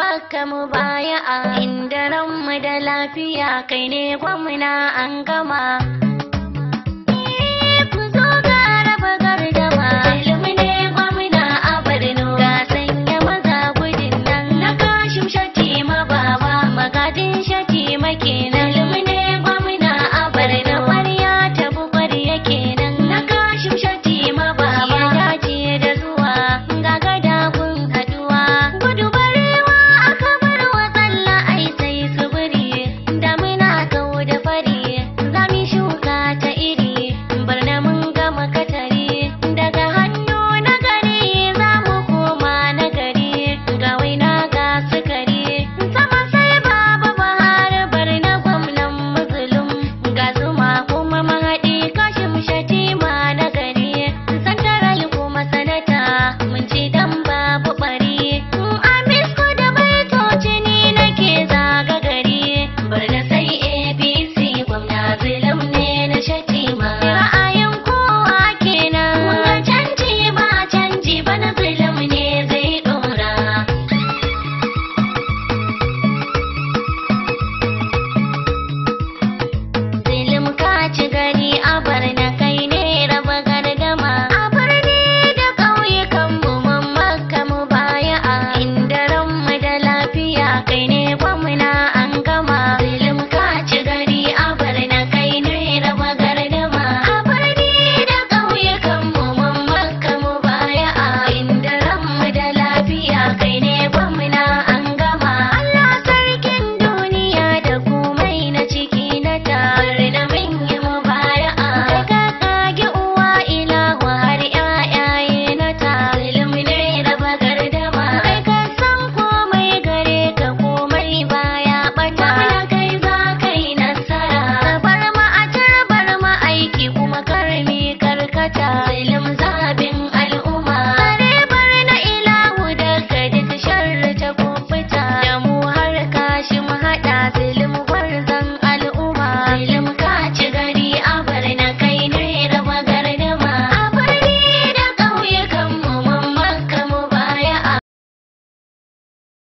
maka mu baya a inda ranmu da lafiya kai ne gwamna an gama.